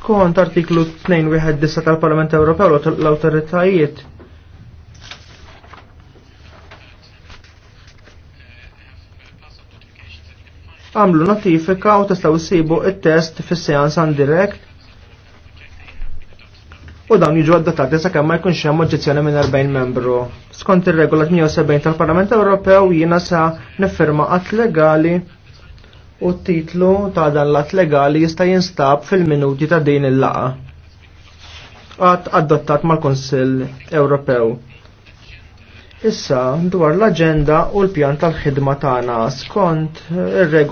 skont artiklu 219 tal-Parlament Ewropew l-awtoritajiet għamlu notifika u tistgħu sibu il-test fis seans għan direkt u dawn jiġu għaddatati sakemm ma jkunx hemm oġġezzjoni minn 40 membru. Skont ir-regola 170 tal-Parlament Ewropew jiena sa niffirma qatt legali u t-titlu ta' dan l-att legali jista' jinstab fil-minuti ta' din il-laqa. Għad adottat mal konsil Ewropew. Issa dwar l-agenda u l-pjan tal-ħidma tagħna skont eh, ir-regola